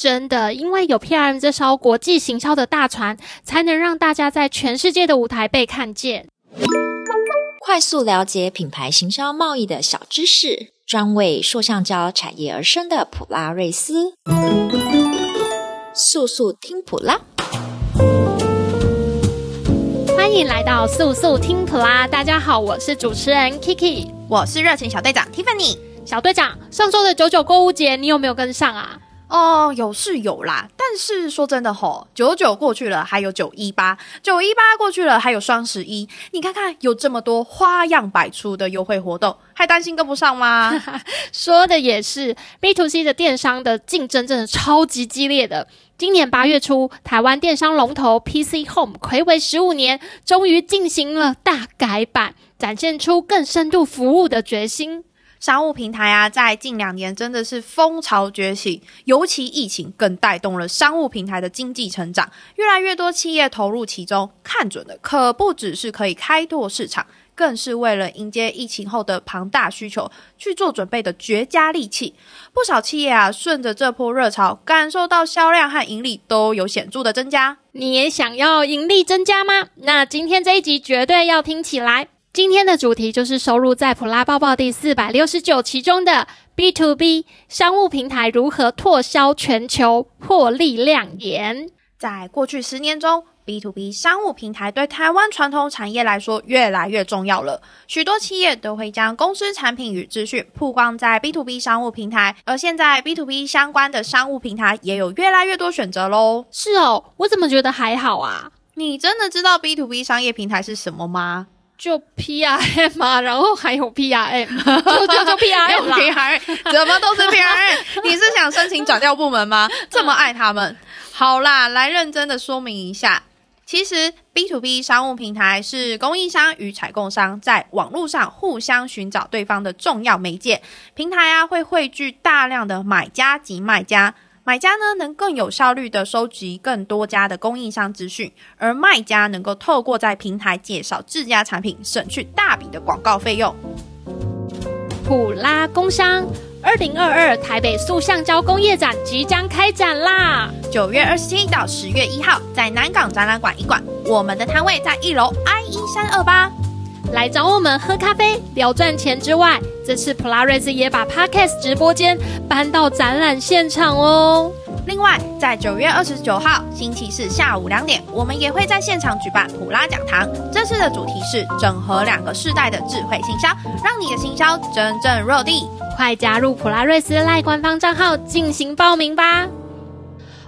真的，因為有 PRM 這艘國際行銷的大船，才能讓大家在全世界的舞台被看見。快速了解品牌行銷貿易的小知識，專為塑橡膠產業而生的普拉瑞斯。速速聽普拉，歡迎來到速速聽普拉。大家好，我是主持人 Kiki，我是熱情小隊長 Tiffany。小隊長，上週的九九購物節，你有沒有跟上啊？哦，有是有啦，但是說真的吼、哦，九九過去了，還有九一八，九一八過去了，還有雙十一，你看看有這麼多花樣百出的優惠活動，還擔心跟不上嗎？ 說的也是，B to C 的電商的競爭真的超級激烈的。今年八月初，台灣電商龍頭 PC Home 暌違十五年，終於進行了大改版，展現出更深度服務的決心。商務平台啊，在近兩年真的是風潮崛起，尤其疫情更帶動了商務平台的經濟成長，越來越多企業投入其中。看準的可不只是可以開拓市場，更是為了迎接疫情後的龐大需求去做準備的絕佳利器。不少企業啊，順着這波熱潮，感受到銷量和盈利都有顯著的增加。你也想要盈利增加嗎？那今天這一集絕對要聽起來。今天的主題就是收入在普拉抱報第四百六十九期中的 B to B 商務平台如何拓銷全球獲利亮眼。在過去十年中，B to B 商務平台對台灣傳統產業來說越來越重要了。許多企業都會將公司產品與資訊曝光在 B to B 商務平台，而現在 B to B 相關的商務平台也有越來越多選擇嘍。是哦，我怎麼覺得還好啊？你真的知道 B to B 商業平台是什麼嗎？就 P R M，啊，然後還有 P R M，就就就 P R M 啦， PR, 怎麼都是 P R M？ 你是想申請轉調部門嗎？這麼愛他們？ 好啦，來認真的說明一下，其實 B to B 商務平台是供應商與採購商在網絡上互相尋找對方的重要媒介平台啊，會匯聚大量的買家及賣家。買家呢，能更有效率的收集更多家的供應商資訊，而賣家能夠透過在平台介紹自家產品，省去大筆的廣告費用。普拉工商二零二二台北塑橡膠工業展即將開展啦，九月二十七到十月一號在南港展覽館一館，我們的攤位在一樓 I 一三二八。來找我們喝咖啡聊賺錢之外，這次普拉瑞斯也把 Podcast 直播間搬到展覽現場哦。另外，在九月二十九號星期四下午兩點，我們也會在現場舉辦普拉講堂。這次的主題是整合兩個世代的智慧行銷，讓你的行銷真正落地。快加入普拉瑞斯賴官方賬號進行報名吧。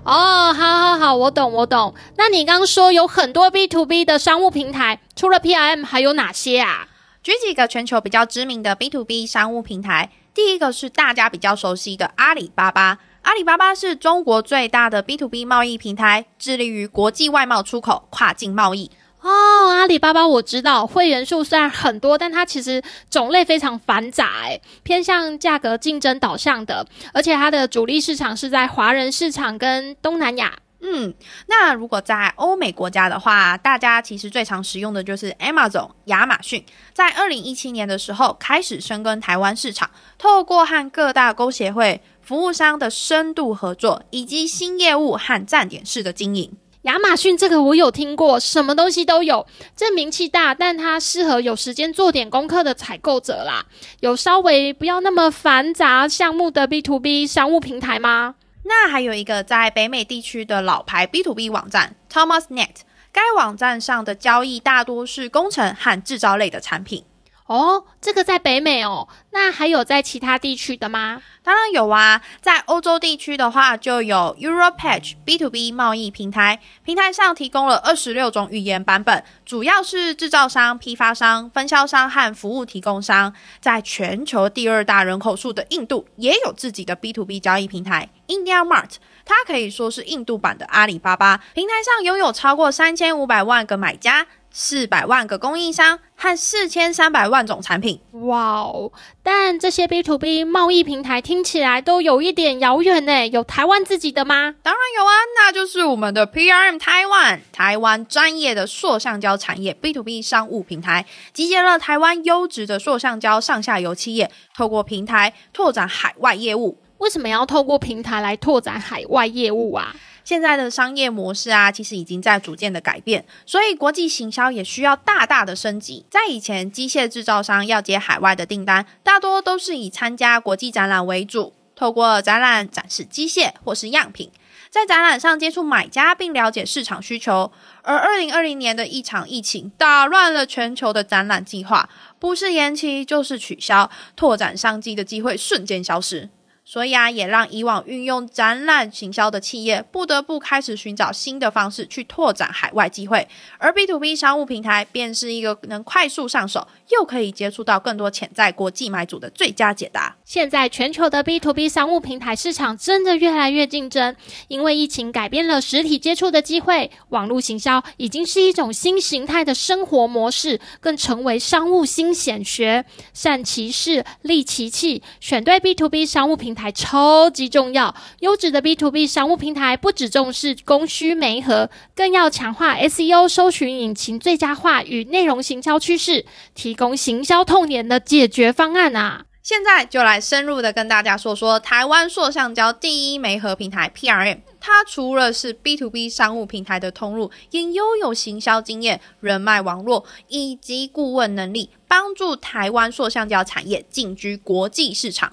哦，好好好，我懂我懂。那你剛說有很多 B to B 的商務平台，除了 PRM 還有哪些啊？舉幾個全球比較知名的 B to B 商務平台。第一個是大家比較熟悉的阿里巴巴，阿里巴巴是中國最大的 B to B 貿易平台，致力於國際外貿出口、跨境貿易。哦，阿里巴巴我知道，會員數雖然很多，但它其實種類非常繁雜耶，偏向價格競爭導向的，而且它的主力市場是在華人市場跟東南亞。嗯，那如果在歐美國家的話，大家其實最常使用的就是 Amazon 亞馬遜，在二零一七年的時候，開始深耕台灣市場，透過和各大公協會服務商的深度合作，以及新業務和站點式的經營。亞馬遜這個我有聽過，什麼東西都有，這名氣大，但它適合有時間做點功課的採購者啦。有稍微不要那麼繁雜項目的 B2B 商務平台嗎？那還有一個在北美地區的老牌 B2B 網站，ThomasNet，該網站上的交易大多是工程和製造類的產品。哦，這個在北美哦？那還有在其他地區的嗎？當然有啊，在歐洲地區的話，就有 Europage B to B 貿易平台，平台上提供了二十六種語言版本，主要是製造商、批發商、分銷商和服務提供商。在全球第二大人口數的印度，也有自己的 B to B 交易平台，IndiaMart，它可以說是印度版的阿里巴巴，平台上擁有超過三千五百萬個買家。四百萬個供應商和四千三百萬種產品，哇哦！但這些 B2B 貿易平台聽起來都有一點遙遠呢。有台灣自己的嗎？當然有啊，那就是我們的 PRM 台灣，台灣專業的塑橡膠產業 B2B 商務平台，集結了台灣優質的塑橡膠上下游企業，透過平台拓展海外業務。為什麼要透過平台來拓展海外業務啊？現在的商業模式啊，其實已經在逐漸的改變，所以國際行銷也需要大大的升級。在以前，機械制造商要接海外的訂單，大多都是以參加國際展覽為主，透過展覽展示機械或是樣品，在展覽上接觸買家並了解市場需求。而二零二零年的一場疫情打亂了全球的展覽計劃，不是延期就是取消，拓展商機的機會瞬間消失。所以啊，也讓以往運用展覽行銷的企業不得不開始尋找新的方式去拓展海外機會，而 B2B 商務平台便是一個能快速上手又可以接觸到更多潛在國際買主的最佳解答。現在全球的 B2B 商務平台市場真的越來越競爭，因為疫情改變了實體接觸的機會，網絡行銷已經是一種新形態的生活模式，更成為商務新顯學。善其事，利其器，選對 B2B 商務平台。平台超級重要，優質的 B2B 商務平台不只重視供需媒合，更要強化 SEO 搜尋引擎最佳化與內容行銷趨勢，提供行銷痛點的解決方案啊！現在就來深入的跟大家說說台灣塑橡膠第一媒合平台 PRM，它除了是 B2B 商務平台的通路，因擁有行銷經驗、人脈網絡以及顧問能力，幫助台灣塑橡膠產業進軍國際市場。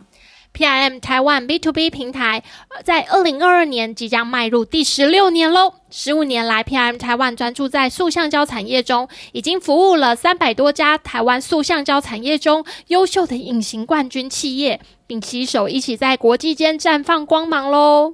PRM 台灣 B to B 平台在二零二二年即將邁入第十六年嘍！十五年來，PRM 台灣專注在塑橡膠產業中，已經服務了三百多家台灣塑橡膠產業中優秀的隱形冠軍企業。並攜手一起在國際間綻放光芒嘍！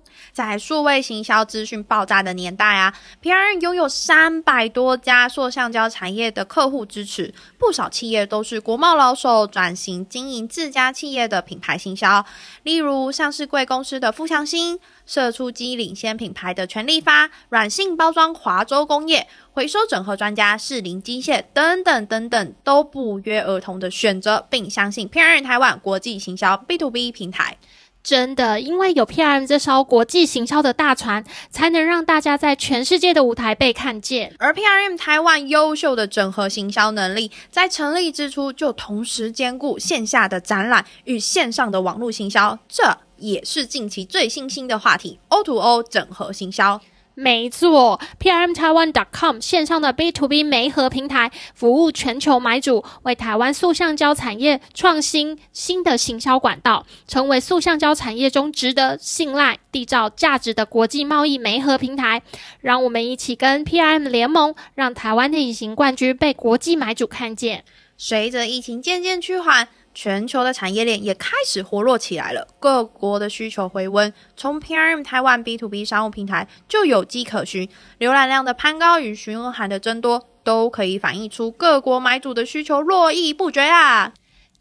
在數位行銷資訊爆炸的年代啊，PRM 擁有三百多家塑橡膠產業的客戶支持，不少企業都是國貿老手轉型經營自家企業的品牌行銷，例如上市櫃公司的富強鑫。射出機領先品牌的全力發、軟性包裝華州工業、回收整合專家士林機械，等等等等，都不約而同的選擇並相信 PRM 台灣國際行銷 B to B 平台。真的，因為有 PRM 這艘國際行銷的大船，才能讓大家在全世界的舞台被看見。而 PRM 台灣優秀的整合行銷能力，在成立之初就同時兼顧線下的展覽與線上的網絡行銷。這。也是近期最新興的話題，O to O 整合行銷。沒錯，PRM-Taiwan.com 線上的 B to B 媒合平台，服務全球買主，為台灣塑橡膠產業創新新的行銷管道，成為塑橡膠產業中值得信賴、締造價值的國際貿易媒合平台。讓我們一起跟 PRM 聯盟，讓台灣的隱形冠軍被國際買主看見。隨着疫情漸漸趨緩，全球的產業鏈也開始活絡起來了，各國的需求回溫，從 PRM 台灣 B to B 商務平台就有跡可循，瀏覽量的攀高與詢問函的增多，都可以反映出各國買主的需求絡繹不絕啊！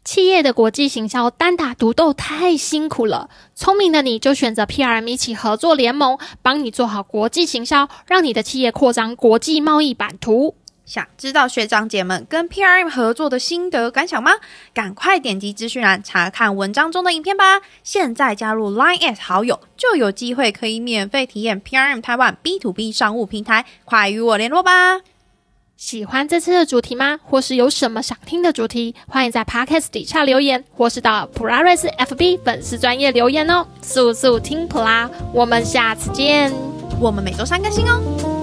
企業的國際行銷單打獨鬥太辛苦了，聰明的你就選擇 PRM 一起合作聯盟，幫你做好國際行銷，讓你的企業擴張國際貿易版圖。想知道學長姐們跟 PRM 合作的心得感想嗎？趕快點擊資訊欄查看文章中的影片吧！現在加入 LINE@ 好友就有機會可以免費體驗 PRM 台灣 B2B 商務平台，快與我聯絡吧！喜歡這次的主題嗎？或是有什麼想聽的主題？歡迎在 Podcast 底下留言，或是到普拉瑞斯 FB 粉絲專頁留言哦！速速聽普拉！我們下次見！我們每周三更新哦。